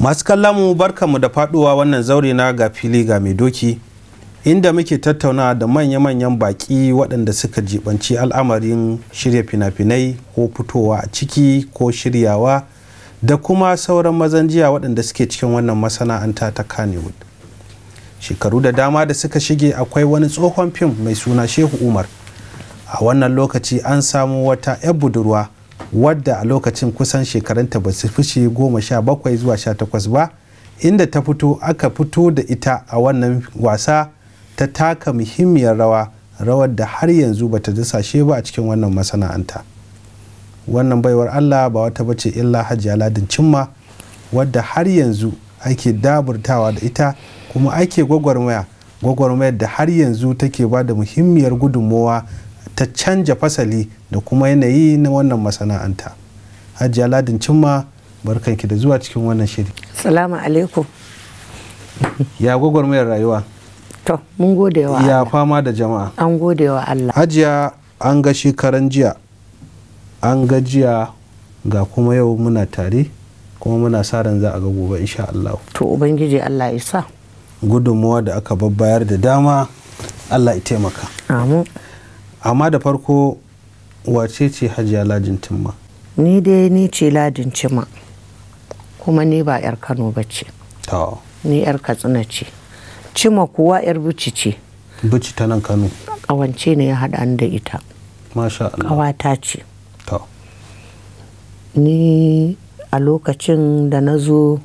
masu kallon mu barkanmu da faduwa wannan zaure na ga fili ga mai doki inda muke tattauna da manya-manyan baƙi waɗanda suka jibanci al'amarin shirya fina-finai ko fitowa a ciki ko shiryawa da kuma sauran mazan jiya waɗanda suke cikin wannan masana'anta ta kanewood shekaru da dama da suka shige akwai wani tsohon fim mai suna shehu umar a wannan lokaci an samu wata 'yar budurwa wadda a lokacin kusan shekarunta ba su fushi goma sha bakwai zuwa sha takwas ba inda ta fito aka fito da ita a wannan wasa ta taka muhimmiyar rawa rawar da har yanzu bata dasashe ba a cikin wannan masana'anta wannan baiwar allah ba wata bace illa hajji aladin cimma wadda har yanzu ake daburtawa da ita kuma ake gwagwarmaya gwagwarmayar da har yanzu take ba da muhimmiyar gudunmowa ta canja fasali da kuma yanayi na wannan masana'anta hajji aladin cimma barkanki da zuwa cikin wannan shiri salamu alaikum ya gwagwarmayar rayuwa to mun gode wa ya fama da jama'a an gode wa Allah hajiya an ga shekaran jiya an ga jiya ga kuma yau muna tare kuma muna sa ran za a ga gobe insha Allah to ubangiji Allah ya sa gudunmuwa da aka babbayar da dama Allah ya taimaka amin amma da farko wace ce hajiya lajin timma ni dai ni ce Lajin cima kuma ni ba 'yar kano ba ce ni 'yar katsina ce cima kuwa yar buci ce buci ta nan kano kawance ne ya haɗa da ita masha Allah kawata ce ni a lokacin da na zo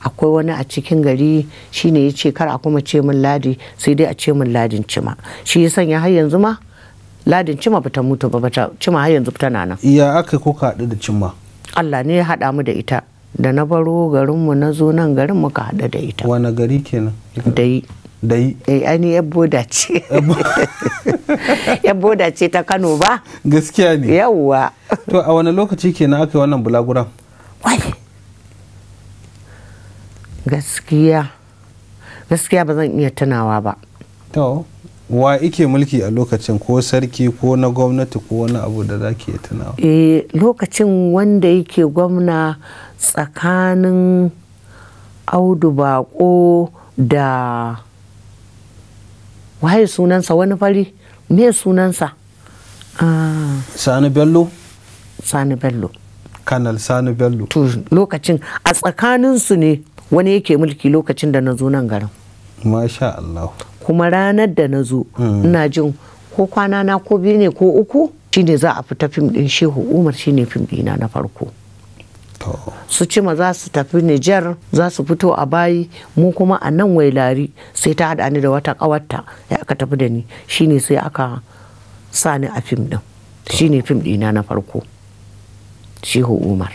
akwai wani a cikin gari shine ya ce kar a kuma ce min ladi sai dai a ce min ladin cima shi ya sanya har yanzu ma ladin cima bata mutu ba bata cima har yanzu tana nan iya aka ko ka hadu da cima? Allah ne ya haɗa mu da ita da na baro garinmu na zo nan garin muka hada da ita wani gari kenan dai dai eh ani yar boda ce yar boda ce ta kano ba gaskiya ne yawwa to a wani lokaci na aka yi wannan bulaguran wai gaskiya gaskiya ba zan iya tunawa ba to wa ike mulki a lokacin ko sarki ko na gwamnati ko wani abu da za ke tunawa e lokacin wanda yake gwamna tsakanin audu bako da waye sunansa wani fari me sunansa ah. sani bello sani bello kanal sani bello to lokacin a tsakaninsu ne wani yake mulki lokacin da nazo nan garin masha Allah kuma ranar da nazo. Hmm. ina jin ko kwana na ko biyu ne ko uku shine za a fita fim din shehu umar shine fim dina na farko su cima za su tafi Nijar za su fito a bayi mu kuma a nan Lari sai ta haɗa ni da wata ƙawarta ya aka tafi da ni shine sai aka sa ni a fim ɗin shine fim ɗina na farko shehu umar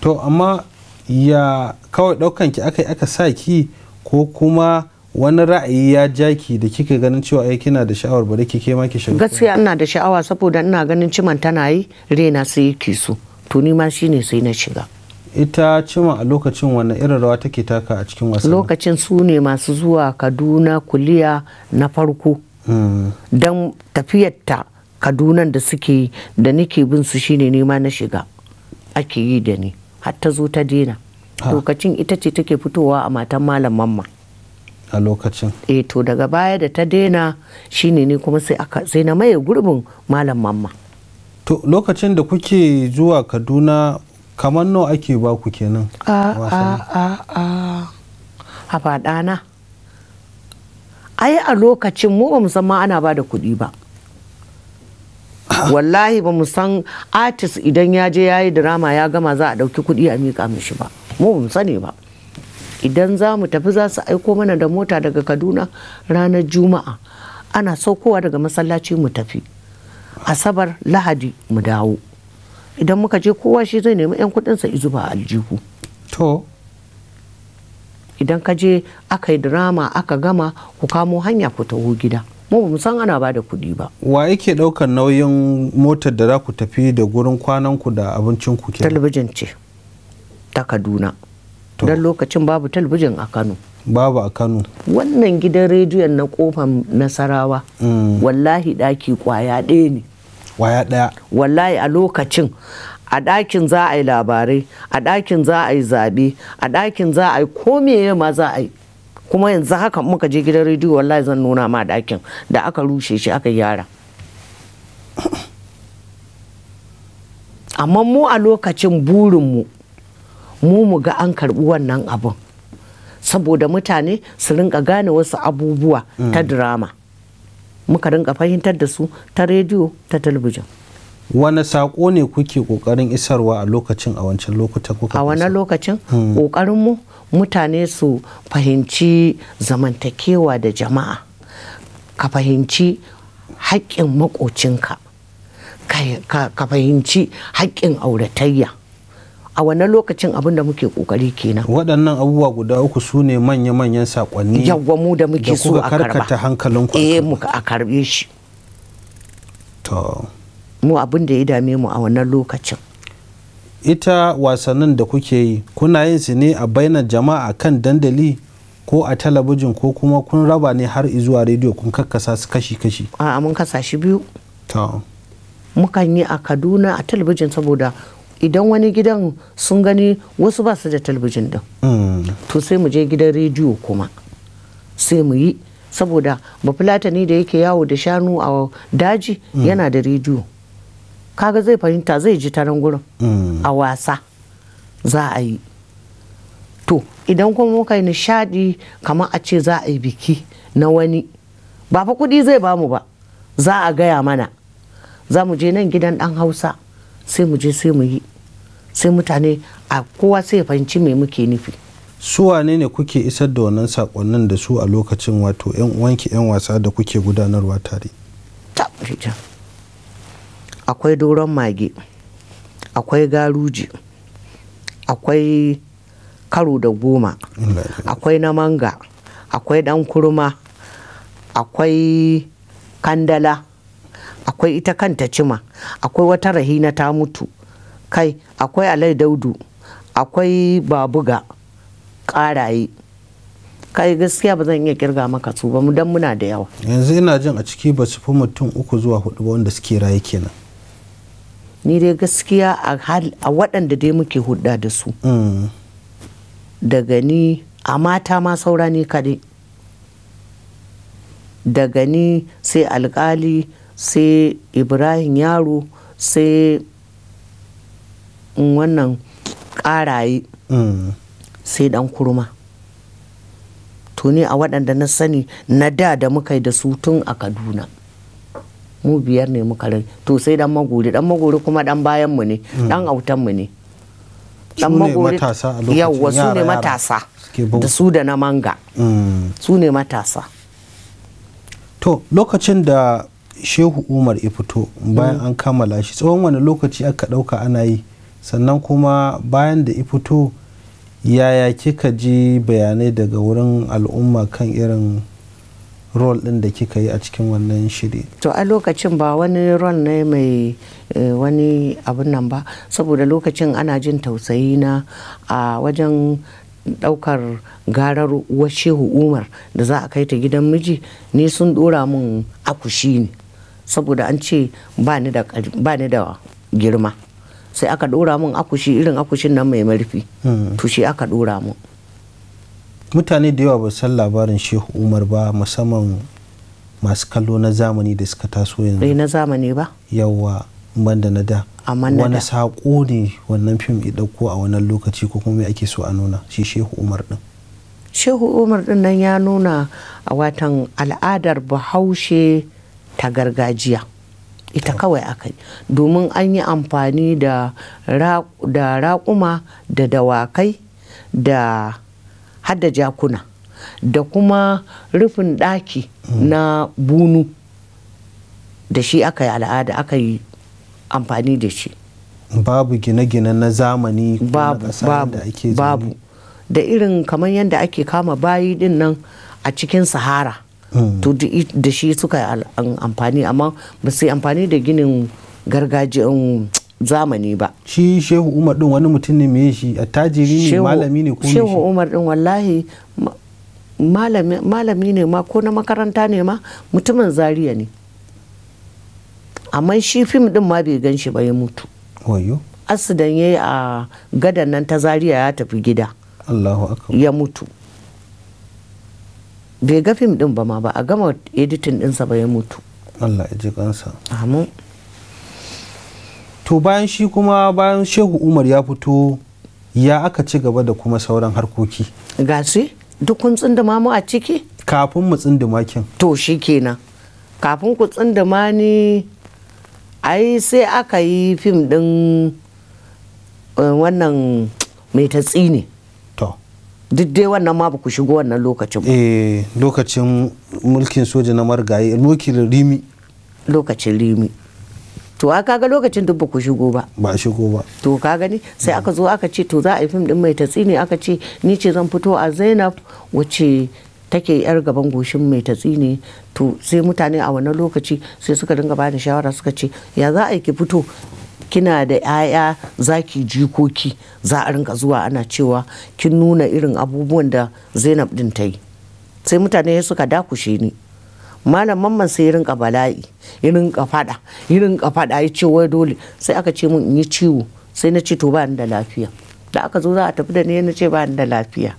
to amma ya kawai ɗaukan ki aka aka sa ki ko kuma wani ra'ayi ya ja ki da kika ganin cewa ai kina da sha'awar bari ki ke ma ki shiga gaskiya ina da sha'awa saboda ina ganin ciman tana yi rena sai ki so to ni ma shine sai na shiga ita cima a lokacin wani irin rawa take taka a cikin wasan lokacin su ne masu zuwa kaduna kuliya na farko hmm. don tafiyarta kadunan da suke da nake bin su shine nema na shiga ake yi da ni har ta zo ta dena lokacin ita ce take fitowa a matan malam mamma a lokacin eh to daga baya da ta dena shine ne kuma sai aka sai na maye gurbin malam mamma to lokacin da kuke zuwa kaduna kamar nawa ake ba ku kenan a a a a ai a lokacin mu ba san ma ana ba da kuɗi ba wallahi ba san artist idan ya je yayi yi drama ya gama za a ɗauki kuɗi a miƙa mishi ba mu ba sani ba idan za mu tafi za su aiko mana da mota daga kaduna ranar juma'a ana saukowa daga masallaci mu tafi asabar lahadi mu dawo idan muka je kowa shi zai nemi 'yan kudinsa izuba a aljihu to idan ka je aka yi drama aka gama ku kamo hanya ku taho gida mu bamu san ana bada da kuɗi ba wa yake ɗaukar nauyin motar da za ku tafi da gurin kwanan ku da abincin ku ke talabijin ce ta kaduna don lokacin babu talabijin a kano babu a kano wannan gidan rediyon na kofan nasarawa mm. wallahi ɗaki kwaya ɗaya ne waya daya wallahi a lokacin a ɗakin za a yi labarai a ɗakin za a yi zaɓe a ɗakin za a yi ko ma za a yi kuma yanzu haka muka je gidan rediyo wallahi zan nuna ma dakin da aka rushe shi aka gyara amma mu a lokacin burinmu mu mu ga an karɓi wannan abin saboda mutane su rinka gane wasu abubuwa ta mm. drama. muka rinka fahimtar da su ta rediyo ta talabijin wani saƙo ne kuke ƙoƙarin isarwa a lokacin a wancan lokuta a wani lokacin hmm. ƙoƙarinmu mutane su fahimci zamantakewa da jama'a ka fahimci haƙƙin maƙocinka ka fahimci haƙƙin auratayya a wannan lokacin abin da muke kokari kenan waɗannan abubuwa guda uku su ne manya-manyan sakonni yawwa mu da muke so a karba karkata hankalin ku eh muka a karbe shi to mu abin da ya dame mu a wannan lokacin ita wasannin da kuke yi kuna yin su ne a bainar jama'a kan dandali ko a talabijin ko kuma kun raba ne har zuwa rediyo kun kakkasa su kashi-kashi a mun kasa shi biyu mukan yi a kaduna a talabijin saboda idan wani gidan sun gani wasu ba su da talbijin din mm. to sai mu je gidan rediyo kuma sai mu yi saboda bafulatani da yake yawo da shanu a daji mm. yana da rediyo kaga zai fahimta zai ji taron gurin mm. a wasa za a yi to idan kuma muka yi nishadi kamar a ce za a yi biki na wani ba fa kuɗi zai bamu ba za a gaya mana za mu je nan gidan dan hausa sai mu je sai mu yi sai mutane a kowa sai fahimci me muke nufi su wane ne kuke isar da wannan sakonnin da su a lokacin wato yan uwanki yan wasa da kuke gudanarwa tare akwai doron mage akwai garuji akwai karo da goma akwai na manga akwai dan kurma akwai kandala akwai ita kanta cima akwai wata rahina ta mutu kai akwai alai daudu akwai babuga karaye kai gaskiya ba zan iya kirga maka su ba mu dan muna da yawa yanzu ina jin a ciki ba su fi mutum uku zuwa hudu ba wanda suke raye kenan ni dai gaskiya a waɗanda dai muke hudda da su mm. daga ni a mata ma saura ni kaɗai daga ni sai alkali sai ibrahim yaro sai in wannan ƙaraye mm. sai dan kurma to ne a waɗanda na sani na da da muka yi da su tun a kaduna mu biyar ne muka rai to sai dan magori dan magori kuma dan bayan mu ne dan mm. autan mu ne dan magori yawwa su ne matasa da su da na manga mm. su ne matasa to lokacin da shehu umar ya fito bayan an kammala shi tsawon wani lokaci aka ɗauka ana yi sannan kuma bayan da ifito yaya kika ji bayanai daga wurin al'umma kan irin rol ɗin da kika yi a cikin wannan shiri to a lokacin ba wani rol ne mai eh, wani abun nan ba saboda lokacin ana jin tausayi na a wajen daukar garar uwar hukumar da za a kai ta gidan miji ni sun dora mun akushi ne saboda an ce ba ni da girma sai aka dora mun akushi irin akushin nan mai marfi hmm. to shi aka dora mun mutane da yawa ba san labarin shehu umar ba musamman masu kallo na zamani da suka taso yanzu eh, na zamani ba yawa banda na da wani saƙo ne wannan fim ya ɗauko a wannan lokaci ko kuma ake so a nuna shi shehu umar din shehu umar din nan ya nuna a watan al'adar bahaushe ta gargajiya ita kawai aka yi domin an yi amfani da raƙuma da dawakai da hada jakuna da kuma rufin ɗaki mm. na bunu da shi aka yi al'ada aka yi amfani da shi babu gine-gine na zamani babu babu babu da irin kamar yadda ake kama bayi din nan a cikin sahara to da shi suka amfani amma ba su amfani da ginin gargajiyan zamani ba shi shehu umar din wani mutum ne mai shi attajiri ne malami ne ko shehu umar din wallahi malami ne ma ko na makaranta ne ma mutumin Zariya ne amma shi fim din ma bai gan shi ba ya mutu wayo asidan ya yi a gadan nan ta Zariya ya tafi gida Allahu akbar ya mutu bai ga fim din ba ma ba a gama editin dinsa ba ya mutu Allah ya ji kansa amin to bayan shi kuma bayan shehu umar ya fito ya aka ci gaba da kuma sauran harkoki ga su duk kun tsinda ma mu a ciki kafin mu tsinda kin to shi kenan kafin ku tsinda ma ni ai sai aka yi fim din eh, wannan mai tatsi ne duk dai wannan ma ba ku shigo wannan lokacin ba eh lokacin mulkin soja na margaye lokacin rimi lokacin rimi to a ga lokacin duk ba ku shigo ba ba shigo ba to ka gani sai aka zo aka ce to za a yi fim din mai tatsi ne aka ce ni ce zan fito a Zainab wacce take yar gaban goshin mai tatsi ne to sai mutane a wannan lokaci sai suka dinga bani shawara suka ce ya za a yi ki fito kina da 'ya'ya zaki jikoki za a rinka zuwa ana cewa kin nuna irin abubuwan da zainab din ta yi sai mutane suka dakushe ni malam mamman sai rinka bala'i rinka fada rinka fada ya ce wai dole sai aka ce mun in yi ciwo sai na ce to ba da lafiya da aka zo za a tafi da ni na ce ba da lafiya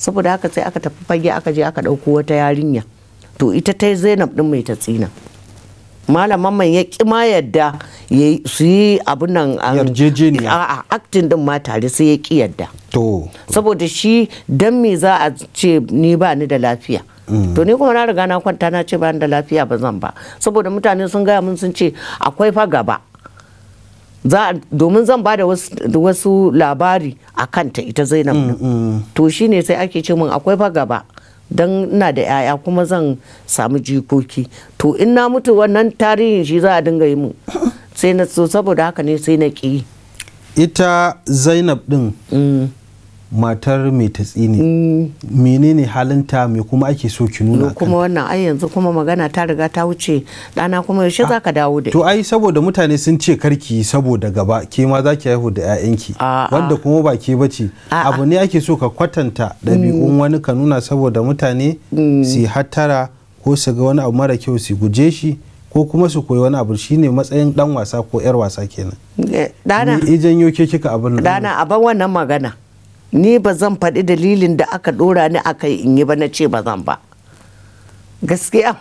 saboda haka sai aka tafi fage aka je aka ɗauko wata yarinya to ita ta zainab din mai ta tsina malaman man ya ƙi ma yadda su yi abin nan a aktin din ma tare sai ya ƙi yadda saboda shi don me za a ce ni ba ni da lafiya mm. to ni kuma na riga na kwanta na ce ba ni da lafiya ba zan ba saboda mutane sun gaya mun sun ce akwai fa gaba domin zan ba da wasu labari a kanta ita zainab mm, mm. to shine sai ake ce mun akwai fa gaba don ina da 'ya'ya kuma zan samu jikoki to in na mutu wannan tarihin shi za a dinga yi mu sai na so saboda haka ne sai na ƙi ita zainab din mm. matar mai ta tsini mm. menene halinta mai kuma ake so ki nuna kuma wannan ai yanzu kuma magana ta riga ta wuce dana kuma yaushe ah, za ka dawo da to ai saboda mutane sun ce karki saboda gaba ke ma za ki haihu da ƴaƴanki wanda kuma ba ke bace abu ne ake so ka kwatanta ɗabi'un mm. wani ka nuna saboda mutane mm. su hattara ko su ga wani abu mara kyau su guje shi ko kuma su koyi wani abu shine matsayin dan wasa ko yar wasa kenan dana eh, ijen yoke kika abin dana aban wannan magana ni ba zan faɗi dalilin da aka ɗora ni aka yi in yi ba na ce ba zan ba gaskiya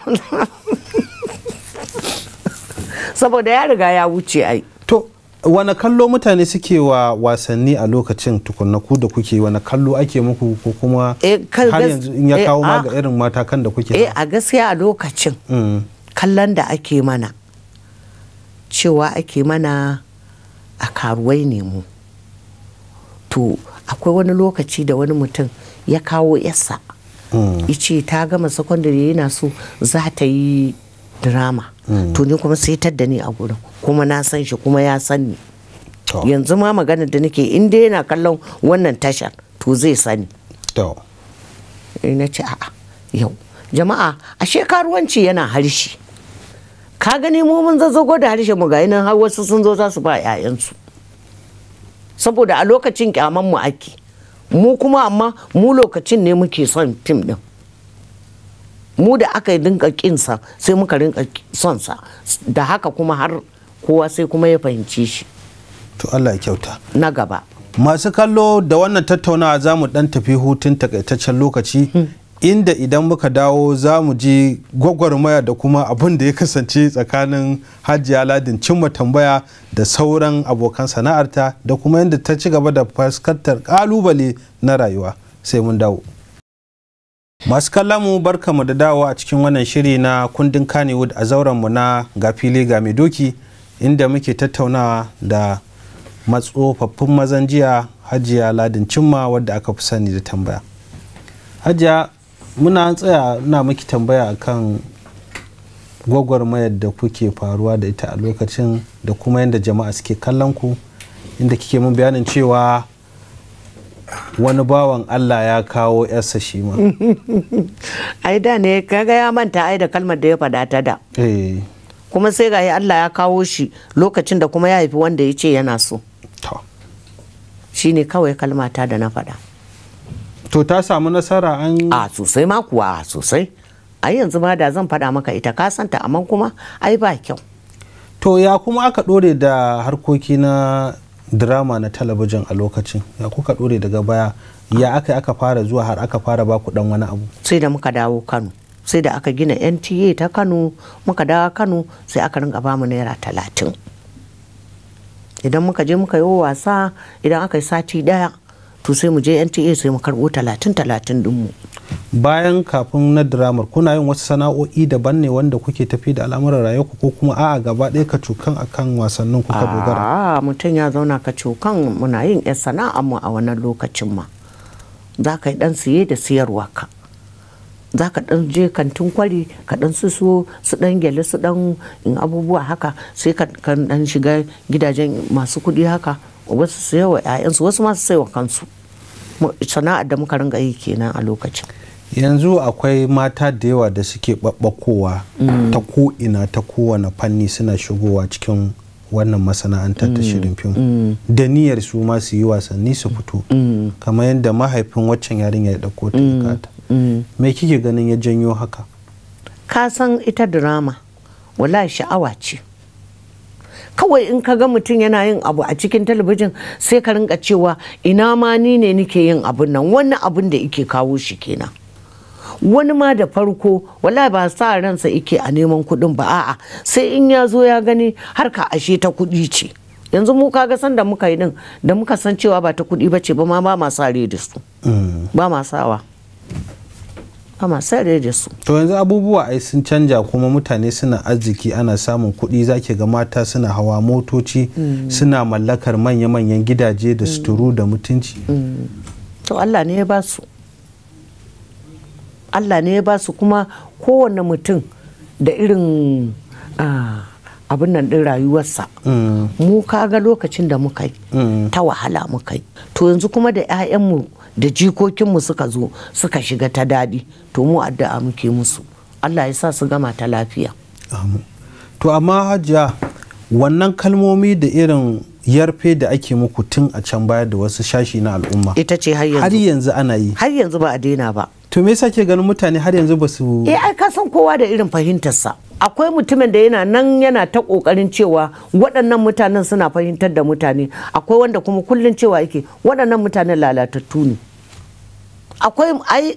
saboda ya riga ya wuce ai to wani kallo mutane suke wa wasanni a lokacin tukunna da kuke wani kallo ake muku ko kuma eh, har yanzu in ya eh, kawo ma ga irin matakan da kuke eh, a gaskiya a lokacin mm. kallon da ake mana cewa ake mana a karuwai ne mu to akwai wani lokaci da wani mutum ya kawo yasa ice mm. ta gama sakandare yana so za ta yi drama mm. to ni kuma sai tadda ni a gurin kuma na san shi kuma ya san ni yanzu ma magana da nake in dai yana kallon wannan tashar to zai sani eh, na ce a'a yau jama'a a shekaruwanci yana harshe ka gani mu mun zazzago da harshe mu ga har wasu sun zo za su ba 'ya'yansu saboda a lokacin kyaman mu ake mu kuma amma mu lokacin ne muke son fim din mu da aka dinka kinsa sai muka rinka son sa da haka kuma har kowa sai kuma ya fahimci shi to Allah ya kyauta na gaba masu kallo da wannan tattaunawa za mu dan tafi hutun takaitaccen lokaci hmm. inda idan muka dawo za mu ji gwagwarmaya da kuma abin da ya kasance tsakanin hajiya ladin cimma tambaya da sauran abokan sana'arta da kuma yadda ta ci gaba da fuskantar kalubale na rayuwa sai mun dawo masu kallamu mu da dawo a cikin wannan shiri na kundin kannywood a zauranmu na gafili ga mai doki inda muke tattaunawa da matsofaffin mazan jiya hajiya ladin cimma wadda aka fi sani da tambaya hajiya muna tsaya na miki tambaya akan gwagwarmayar da kuke faruwa da ita a lokacin da kuma yadda jama'a suke kallon ku inda kike mun bayanin cewa wani bawan Allah ya kawo yarsa shi ma ai da ne kaga ya manta ai da kalmar da ya faɗa ta da eh. kuma sai ga Allah ya kawo shi lokacin da kuma ya haifi wanda ya ce yana so shine kawai kalmata da na faɗa to ta samu nasara an a sosai ma kuwa sosai ai yanzu ma da zan faɗa maka ita ka santa amma kuma ai ba kyau to ya kuma aka ɗore da harkoki na drama na talabijin a lokacin ya kuka ɗore daga baya ya aka aka fara zuwa har aka fara ba ku dan wani abu sai da muka dawo kano sai da aka gina nta ta kano muka dawo kano sai aka ringa bamu naira talatin idan muka je muka yi wasa idan aka yi sati ɗaya. to sai mu je NTA sai mu karbo talatin talatin din mu bayan kafin na diramar kuna yin wasu sana'o'i daban ne wanda kuke tafi da al'amuran rayuwarku ko kuma a'a gaba ɗaya ka cokan kan wasannin ku dogara a mutum ya zauna ka cokan muna yin yan sana'a mu a wannan lokacin ma za ka yi dan siye da siyarwa ka za ka dan je kantin kwari ka dan su su dan gyale su dan abubuwa haka sai ka dan shiga gidajen masu kuɗi haka wasu su 'ya'yansu wasu masu sayawa kansu sana'ar da muka ringa yi kenan a lokacin yanzu akwai mata da yawa da suke ɓaɓɓakowa mm. ta ko'ina ta kowane fanni suna shigowa cikin wannan masana'antar ta mm. shirin fim mm. da niyyar su ma su yi wasanni su fito kamar yadda mahaifin waccan yarinya ya ɗauko ta kata me kike ganin ya janyo haka ka san ita drama wala sha'awa ce kawai in ka ga mutum yana yin abu a cikin talabijin sai ka rinka cewa ina ma ni ne nike yin abun nan wani abun da ike kawo shi kenan wani ma da farko wala ba sa ransa ike a neman kuɗin ba a'a sai in ya zo ya gani har ka ashe ta kuɗi ce yanzu mu kaga san da muka yi din da muka san cewa ba ta kuɗi ba ce ba ma ba ma sa da mm. ba ma sawa a masu da su to yanzu abubuwa ai sun canja kuma mutane suna arziki ana samun kuɗi zaki ga mata suna hawa motoci mm. suna mallakar manya-manyan gidaje da mm. suturu da mutunci mm. to Allah ne ya ba su Allah ne ya ba su kuma kowane mutum da irin abin nan din rayuwarsa mu kaga lokacin da muka yi ta wahala muka yi to yanzu kuma da 'ya'yanmu da jikokinmu suka zo suka shiga ta daɗi to mu addu'a muke musu allah ya sa su gama ta lafiya to amma hajiya wannan kalmomi da irin yarfe da ake muku tun a can baya da wasu shashi na al'umma ita ce har yanzu ana yi har yanzu ba a daina ba to me yasa ke ganin mutane har yanzu ba su eh ai ka san kowa da irin fahimtarsa akwai mutumin da yana nan yana ta kokarin cewa waɗannan mutanen suna fahimtar da mutane akwai wanda kuma kullun cewa yake waɗannan mutanen lalatattu ne akwai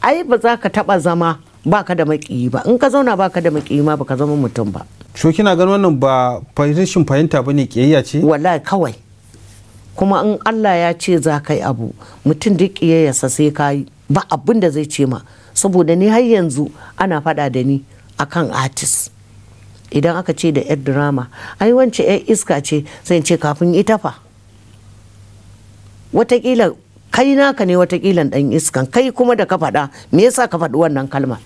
ai ba za ka taba zama baka da makiyi ba in ka zauna baka da makiyi ma baka zama mutum ba so kina ganin wannan ba rashin fahimta bane kiyayya ce wallahi kawai kuma in Allah ya ce za ka yi abu mutum duk sa sai ka yi ba abin da zai ce ma saboda ni har yanzu ana faɗa da ni akan artist idan aka ce da yar drama ai wance yar iska ce sai ce kafin ita fa watakila kai naka ne watakilan dan iskan kai kuma da ka faɗa me yasa ka faɗi wannan kalma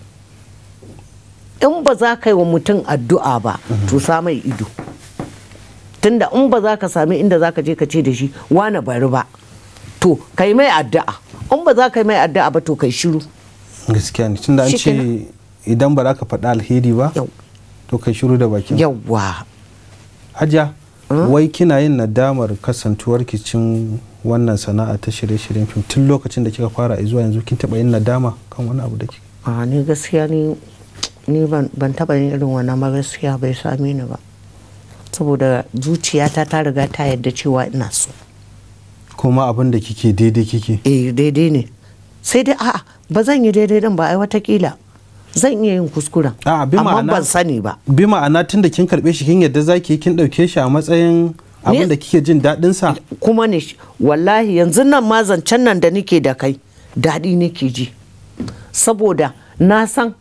in ba za ka yi wa mutum addu'a ba to sa mai ido tunda in ba za ka sami inda za ka je ka ce da shi wane bari ba to kai mai addu'a in ba za ka yi mai addu'a ba to kai shiru gaskiya ne tunda an ce idan ba za ka faɗa alheri ba to kai shiru da bakin yawa! hajiya hmm? wai kina yin nadamar kasantuwar kicin wannan sana'a ta shirye-shiryen fim tun lokacin da kika fara zuwa yanzu kin taba yin nadama kan wani abu da ke a ni gaskiya ni ni ban taba yin irin wannan ba gaskiya bai sami ni ba saboda zuciyata ta riga ta yadda cewa ina so kuma abin da kike daidai kike eh daidai ne sai dai a'a ba zan yi daidai din ba ai watakila zan iya yin kuskura amma ban sani ba bi ma'ana tun da kin karbe shi kin yadda zaki kin dauke shi a matsayin abin da kike jin daɗin sa kuma ne wallahi yanzu nan ma zancen nan da nike da kai daɗi nake ji saboda na san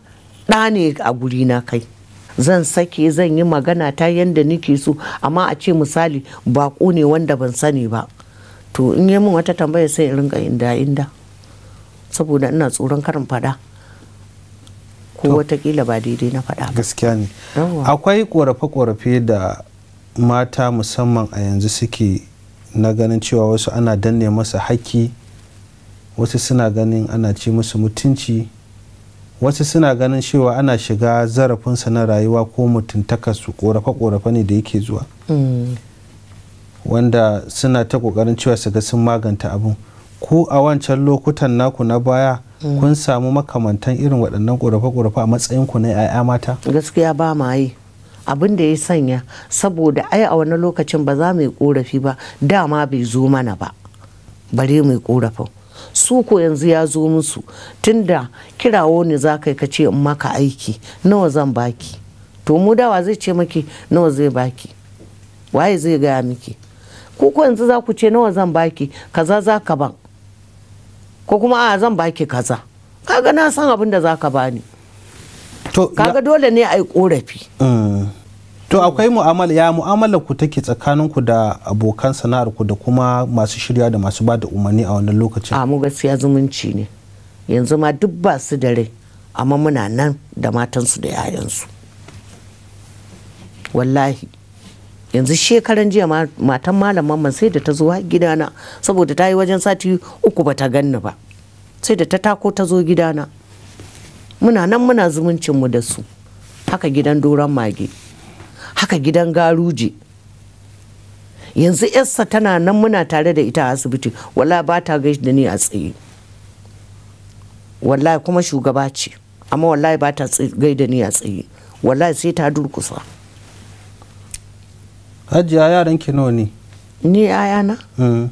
ɗa ne a guri na kai zan sake zan yi magana ta yadda nike so amma a ce misali baƙo ne wanda ban sani ba to in yi min wata tambaya sai in ringa inda inda saboda ina tsoron karin fada ko watakila ba daidai na fada gaskiya ne akwai korafe-korafe da mata musamman a yanzu suke na ganin cewa wasu ana danne masa haƙƙi wasu suna ganin ana ci musu mutunci wasu suna ganin cewa ana shiga zarafinsa na rayuwa ko mutuntakarsu ƙorafe ƙorafe ne da yake zuwa mm. wanda suna ta kokarin cewa su ga sun maganta abin ku a wancan lokutan naku na baya mm. kun samu makamantan irin waɗannan ƙorafe ƙorafe a matsayin ku na 'ya'ya mata gaskiya ba ma yi abin da ya sanya saboda ai a wani lokacin ba za mu yi korafi ba dama bai zo mana ba bare mu yi korafin su ko yanzu ya zo musu tunda kirawo ne za ka ka ce in maka aiki nawa zan baki to mu dawa zai ce maki nawa zai baki waye zai gaya miki ko ko yanzu za ku ce nawa zan baki kaza za ka ban ko kuma a zan baki kaza kaga na san abin da za ka bani kaga dole ne a yi korafi mm. to akwai mu'amala ya mu'amala ku take tsakanin ku da abokan sana'ar ku da kuma masu shirya da masu ba da umarni a wannan lokacin a mu gaskiya zumunci ne yanzu ma duk ba su da rai amma muna nan da matansu da 'ya'yansu wallahi yanzu shekaran jiya matan malam man sai da ta zo gidana saboda ta yi wajen sati uku ba ta ganni ba sai da ta tako ta zo gidana muna nan muna zumuncinmu da su haka gidan doron mage haka gidan garuje yanzu yarsa tana nan muna tare da ita a asibiti wala ba ta gaishe da ni a tsaye wallahi kuma shugaba ce amma wallahi ba ta da ni a tsaye wallahi sai ta durkusa hajiya yaran ki nawa ne ni ayana mm.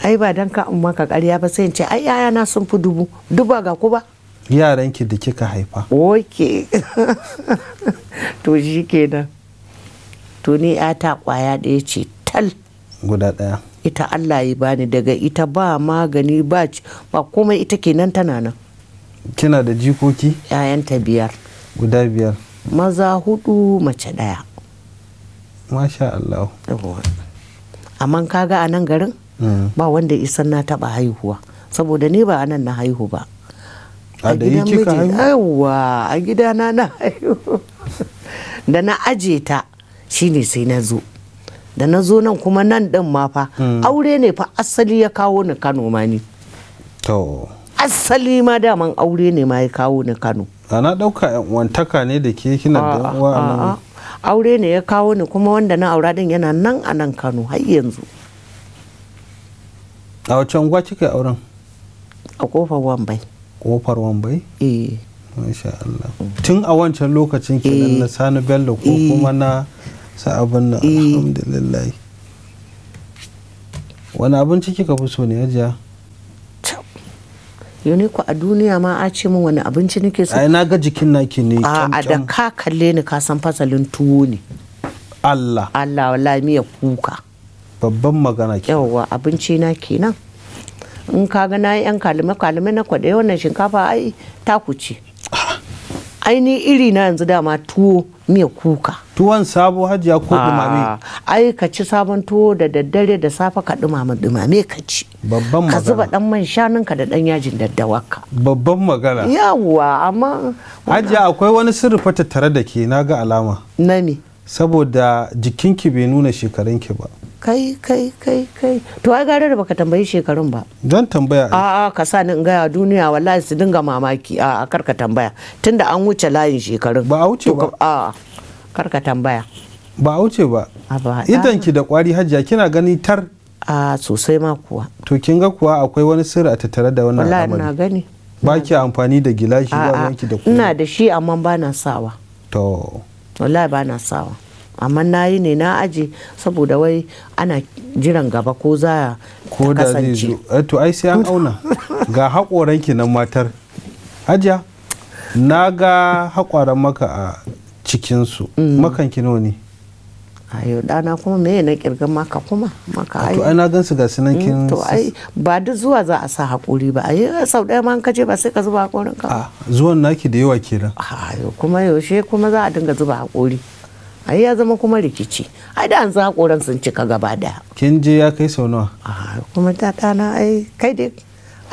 ai ba dan ka amma ka ƙarya ba sai in ce ai ayana sun fi dubu dubu ga ku ba yaran ki da kika haifa Oke, to shi kenan to ni ta kwaya ɗaya ce tal guda ɗaya ita allah ya bani daga ita ba magani ba ba kuma ita kenan tana nan kina da jikoki ta biyar guda biyar maza hudu mace ɗaya masha allah amma kaga a nan garin mm. ba wanda isan na taɓa haihuwa saboda ni ba a nan na haihu ba a da yi kika haihu a gidana na haihu da na aje ta shine sai na zo da na zo nan kuma nan din ma fa hmm. aure ne fa asali ya kawo ni Kano ma ni to asali ma daman aure ne ma ya kawo ni Kano A na dauka wantaka ne da ke kina da uwa aure ne ya kawo ni kuma wanda na aura din yana nan a nan Kano har yanzu a wacce unguwa kika auren a kofar Wambai kofar wambai eh masha Allah tun a wancan lokacin kenan eh. na sani bello ko eh. kuma na sa abin nan eh. alhamdulillah wani abinci kika fi so ne hajiya yoni ko a duniya ma a ce min wani abinci nake so ai na ga jikin naki ne a da ka kalle ni ka san fasalin tuwo ne Allah Allah wallahi miya kuka babban magana ke yawa abinci na kenan in ka ga na yan kalime kalime na kwaɗe wannan shinkafa ai ku ce ai ni iri na yanzu dama tuwo miya kuka tuwon sabo hajiya ko dumame ah. ai ka ci sabon tuwo da daddare da safe ka dumama dumame ka ci babban magana ka zuba dan man shanunka da dan yajin daddawarka. babban magana yawwa amma hajiya akwai wani sirri fata tare da ke naga alama na me saboda jikinki bai nuna shekarunki ba kai kai kai kai to ai gare da baka tambayi shekarun ba don tambaya a a ka sa ni in gaya duniya wallahi su dinga mamaki a a karka tambaya tunda an wuce layin shekarun ba a wuce ba a karka tambaya ba a wuce ba idan ki da kwari hajjia kina gani tar a sosai ma kuwa to kin ga kuwa akwai wani sirri a tattare da wannan al'amari wallahi na gani ba ki amfani da gilashi ba ki da kuma ina da shi amma ba na sawa to wallahi ba na sawa amma na yi ne na aje saboda wai ana jiran gaba ko za ko da zai zo eh to ai sai an auna ga haƙoran ki na matar hajiya na ga haƙoran maka a cikinsu mm. makan ki ne ayo dana kuma me na kirgan maka kuma maka ai to ai gan su ga sunan kin mm, to ai ba duk zuwa za a sa hakuri ba ai sau da ma an kace ba sai ka zuba hakurin ka zuwan naki da yawa kenan ayo kuma yaushe kuma za a dinga zuba hakuri ai ya zama kuma rikici ai da an san hakoran sun cika gaba daya kin je ya kai sau nawa kuma ta tana ai kai dai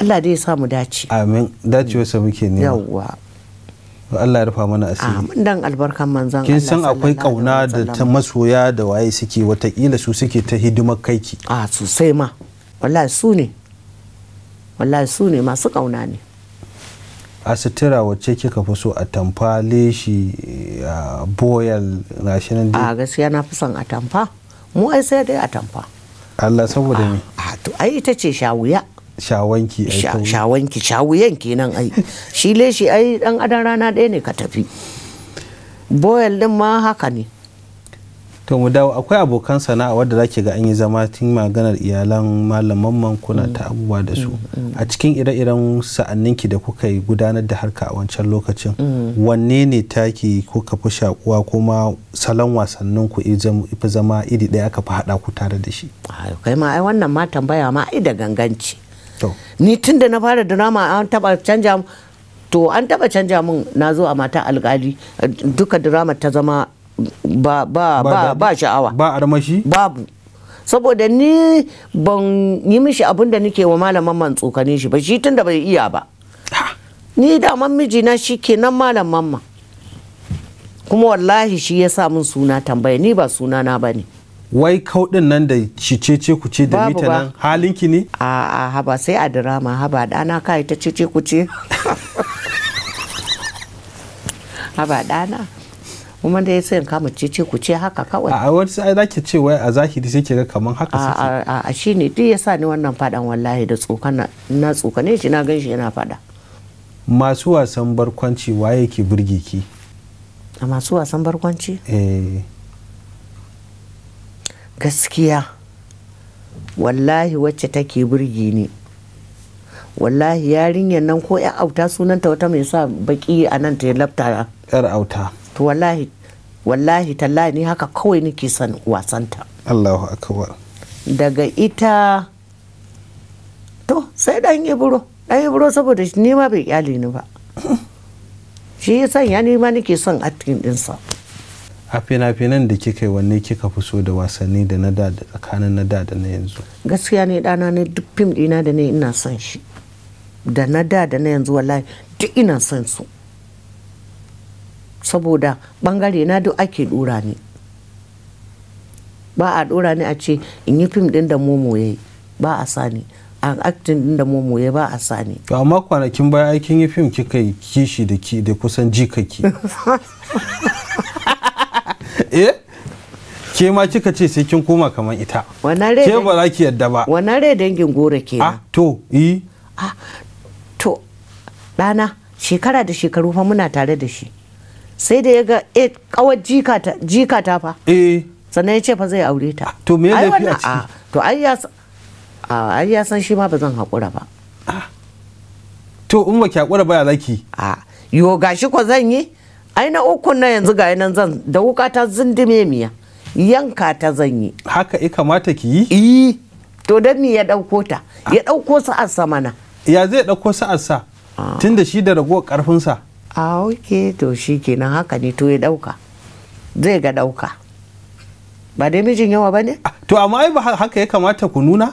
Allah dai ya samu dace amin dace sa muke nema yawwa Allah ya rufa mana asiri amin dan albarkan manzon kin san akwai kauna da ta masoya da waye suke watakila su suke ta hidimar kai ki. a sosai ma wallahi su ne wallahi su ne masu kauna ne a sutura wacce kika fi so eh, a tamfa leshi a boyal national a gaskiya na fi son a tamfa mu ai sai dai a tamfa Allah saboda ni. a to ai ita ce shawuya shawanki shawanki shawuyan kenan ai shi leshi ai dan adan rana ɗaya ne ka tafi boyal din ma haka ne to mu dawo akwai abokan sana'a wadda zaki ga an yi zama tun maganar iyalan malaman man kuna ta abubuwa da su mm, mm, mm. a cikin ire-iren sa'anninki da kuka yi gudanar da harka a wancan lokacin wanne ne taki kuka fi shakuwa kuma salon wasannin ku ifi zama iri ɗaya aka fi haɗa ku tare da shi kai ma ai wannan ma tambaya ma ai da ganganci ni tun da na fara drama an taba canja to an taba canja min na zo a mata alkali duka drama ta zama ba ba ba ba sha'awa ba armashi babu saboda ni ban yi mishi abin da nake wa malaman man tsokane shi ba shi tun da bai iya ba ni daman mijina shi kenan malam mamma kuma wallahi shi ya sa min suna tambaya ni ba suna na ba ne wai kauɗin nan da ce ku ce da mita nan halinki ne a a haba sai a drama haba dana kai ta cece ku ce haba dana kuma da sai in kama cece ku ce haka kawai a wani sai zaki ce wai a zahiri sai ke ga kaman haka suke a a shine duk yasa ni wannan fadan wallahi da tsokana na tsokane shi na gan shi yana fada masu wasan barkwanci waye ke burge ki a masu wasan barkwanci eh gaskiya wallahi wacce take burge ni wallahi yarinyar nan ko ya auta sunanta wata mai sa baki a nan ta lafta yar auta to wallahi wallahi tallahi ni haka kawai nake son wasanta Allahu akbar daga ita to sai dan ibro dan ibro saboda ni ma bai kyale ni ba shi ya sanya ni ma nake son din sa a fina-finan da kika yi wanne kika fi so da wasanni da na da da tsakanin na da da na yanzu gaskiya ne dana ne duk fim dina da ne ina son shi da na da da na yanzu wallahi duk ina son su saboda bangare na duk ake dora ne ba a dora ne a ce in yi fim din da momo ya yi ba a sani an aktin din da momo ya ba a sani to amma kwanakin baya aikin yi fim kika yi kishi da ki da kusan ji eh ke ma kika ce sai kin koma kamar ita ke ba za ki yadda ba wannan rai dangin gora ke ah to yi eh. ah to dana shekara da shekaru fa muna tare da shi sai da ya ga e eh, kawar jika ta fa eh. sannan ya ce fa zai aure ta ah, to me ya fi a ciki ah, to ah, ai ya san shi ma ba zan haƙura ba to in ba ki haƙura ba ya zaki a yo gashi ko zan yi ai na ukun na yanzu ga nan zan da wuka ta zindime miya yanka ta zan yi haka ya kamata ki yi eh to dan ni ya dauko ta ya dauko a sa mana ya zai dauko sa'ar sa tunda shi da rago karfin sa a oke to shi kenan haka ne to ya dauka zai ga dauka ba dai mijin yawa ba ne to amma ai ba haka ya kamata ku nuna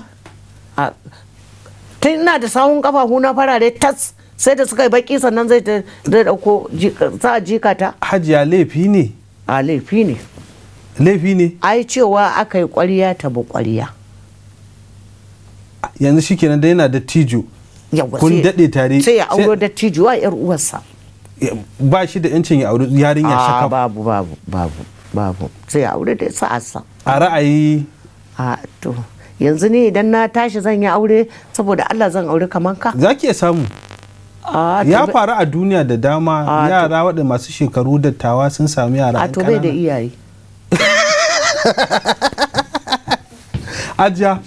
tun ina da sahun kafafu na farare tas sai da suka yi baki sannan zai dauko sa jikata hajiya laifi ne a laifi ne laifi ne ai cewa aka yi kwariya ta bu kwariya yanzu shikenan da yana da tijo kun dade tare sai ya auro da tijo a yar uwarsa ba shi da yancin ya auri yarinya ah, shaka babu babu babu babu sai ya aure da asa. a ra'ayi a to yanzu ne idan na tashi zan yi aure saboda Allah zan aure kamar ka za ki samu ya faru a duniya da dama yara waɗanda masu shekaru dattawa sun sami yara a to bai da iyaye ajiya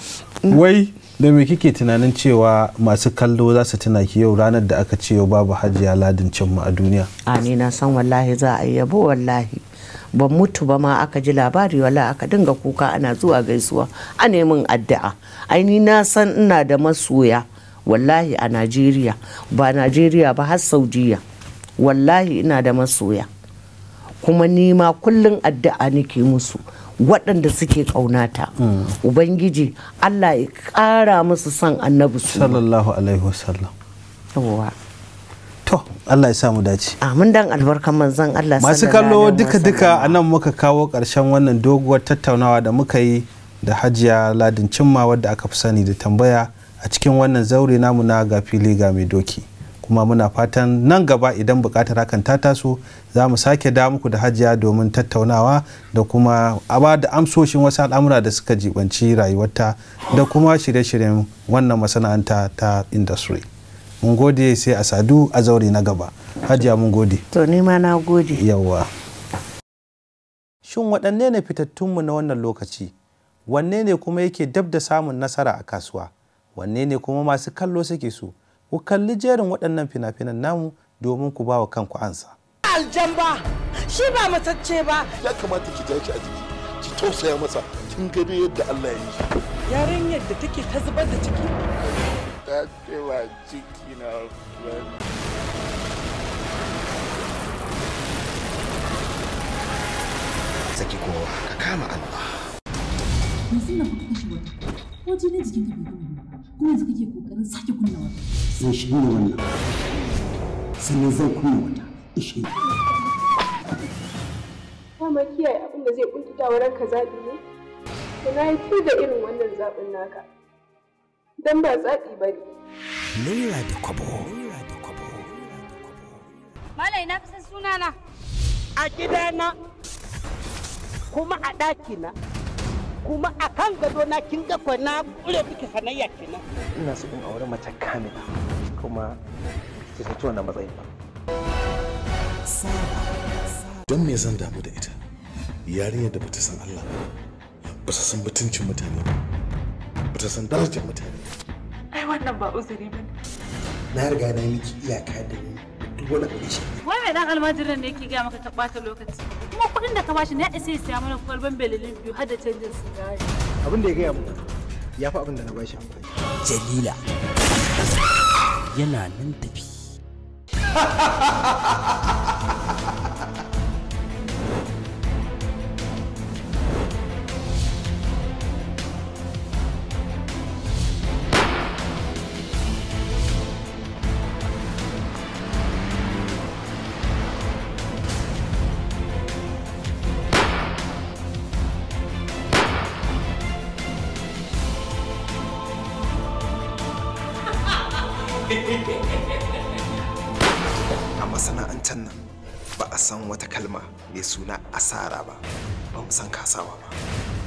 wai da me kike tunanin cewa masu kallo za su tuna ki yau ranar da aka ce babu hajiya ladin mu a duniya a san wallahi za a yabo wallahi ban mutu ba ma aka ji labari wala aka dinga kuka ana zuwa gaisuwa a nemin addu'a ai ni na san ina da masoya wallahi a najeriya ba najeriya ba har saudiya wallahi ina da masoya kuma ni ma kullum addu'a nake musu waɗanda suke ƙaunata ubangiji allah ya ƙara musu son annabi su sallallahu alaihi wasallam to allah ya samu dace amin dan albarkan manzon allah masu kallo duka duka a nan muka kawo ƙarshen wannan doguwar tattaunawa da muka yi da hajiya ladin cimma wadda aka fi sani da tambaya a cikin wannan zaure namu na ga fili ga mai doki kuma muna fatan nan gaba idan bukatar hakan ta taso za mu sake da muku da hajiya domin tattaunawa da kuma a ba da amsoshin wasu al'amura da suka jibanci rayuwarta da kuma shirye-shiryen wannan masana'anta ta industry mun gode sai a sadu a zaure na gaba hajiya mun gode to ni ma na gode yawwa shin waɗanne ne fitattunmu na wannan lokaci wanne ne kuma yake dab da samun nasara a kasuwa wanne ne kuma masu kallo suke so ku kalli jerin waɗannan fina-finan namu domin ku ba wa kanku ansa. Aljan ba, shi ba matacce ba. Ya kamata ki tashi a jiki, ki tausaya masa, kin gado yadda Allah ya yi. Yarinyar da take ta zubar da ciki. Ta cewa ciki na Saki kowa, ka kama Allah. Yanzu na kuka kashe wata, wajen ne jikin ka bai kuma yanzu kake ko ganin sake kunna wata. Zan shirya wannan. Sannan zan kunna wata. Ishe. Dama kiyaye abin da zai kuntata wa ranka zaɓi ne? Da na yi fi da irin wannan zaɓin naka. Don ba zaɓi ba ne. Naira da kwabo. Naira Malai na fi san sunana. A gidana. Kuma a ɗaki na. kuma a kan gado na kin ga na kure kike sanayya kenan ina so in aure mace kamila kuma ki fito wannan matsayin ba don me zan damu da ita yarinyar da bata san Allah ba bata san mutuncin mutane ba bata san darajar mutane ai wannan ba uzuri bane na riga na miki iyaka da ni dole ka bishi wai mai dan almajiran ne yake gaya maka ka ɓata lokaci kuma kuɗin da ka bashi na isa ya siya mana kwalban belilin biyu har da canjin sigari abin da ya gaya muku ya fi abin da na bashi amfani jalila yana nan tafi suna asara ba ba mu san kasawa ba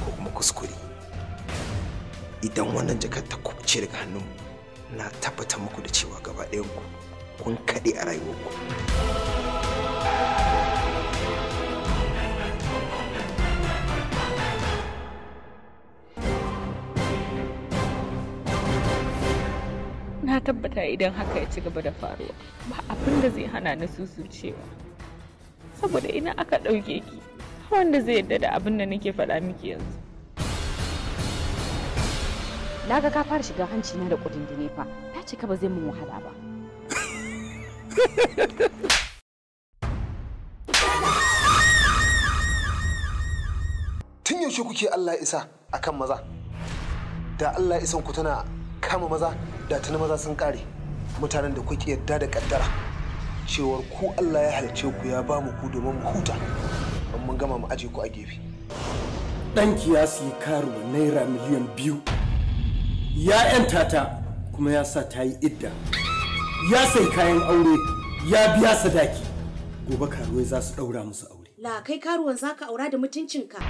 ko kuma kuskure idan wannan jakar ta kubce daga hannun na tabbata muku da cewa gaba ɗayan ku kun kaɗe a rayuwarku na tabbata idan haka ya ci gaba da faruwa ba abin da zai hana ni cewa. saboda ina aka ɗauke ki wanda zai yadda da abin da nake faɗa miki yanzu na ga ka fara shiga hanci na da kudin dine fa ta ce ka ba zai mun wahala ba tun yaushe kuke Allah isa akan maza da Allah isan ku tana kama maza da tuni maza sun kare mutanen da kuke yadda da ƙaddara. cewar ku Allah ya halce ku ya ba mu ku domin mu huta don mun gama mu aje ku a gefe ɗanki ya siyi karo naira miliyan biyu ya ‘yanta ta kuma ya sa ta yi idda ya sai kayan aure ya biya sadaki gobe karuwai za su ɗaura musu aure la kai karuwan zaka aura da mutuncinka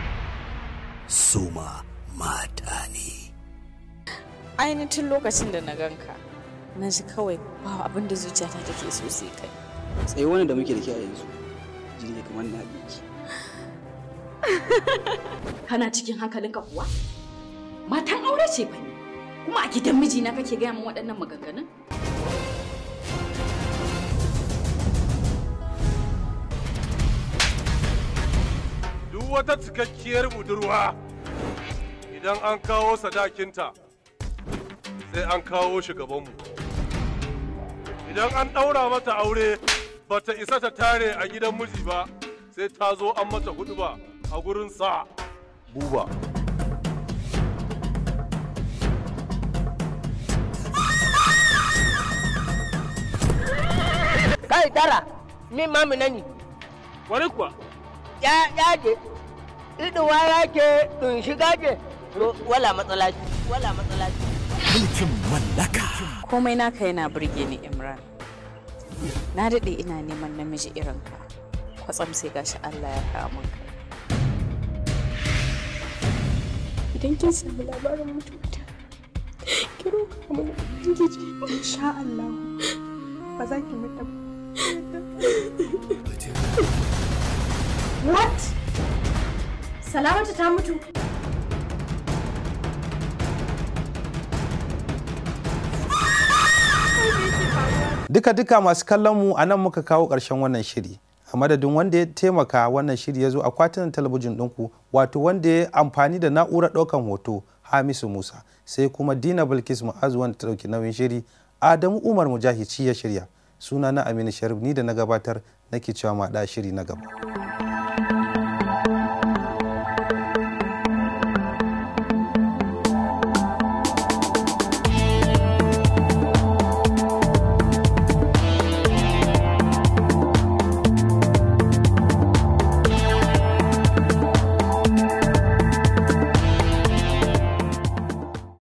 suma mata ne ainihin lokacin da na ganka na ji kawai ba abin da zuciyata take so sai kai tsaye wani da muke da ke yanzu jirgi kamar na ki. kana cikin hankalinka kuwa matan aure ce bane kuma a gidan mijina kake gaya min waɗannan maganganun duk wata cikakkiyar budurwa idan an kawo sadakinta sai an kawo shi gabanmu idan an ɗaura mata aure bata isa ta tare a gidan miji ba sai ta zo an mata hudu ba a gurin sa buba kai dara min na nani wani kuwa ya ya je iduwa ya ke tun shiga ke? wala matsala wala matsala mulkin mallaka komai naka yana burge ni imran na daɗe ina neman namiji irin ka kwatsam sai gashi Allah ya kawo min kai idan kin sami labarin mutuwata ki roƙa mun ubangiji insha Allah ba za ki mutu What? Salamatu ta mutu? duka duka masu kallon mu a nan muka kawo ƙarshen wannan shiri a madadin wanda ya taimaka wannan shiri ya zo a kwatunan talabijin ɗinku wato wanda ya amfani da na'urar ɗaukan hoto hamisu musa sai kuma dina bilkis ma'azu wanda ta ɗauki nauyin shiri adamu umar mujahici ya shirya suna na aminu sharif ni da na gabatar nake cewa maɗa shiri na gaba.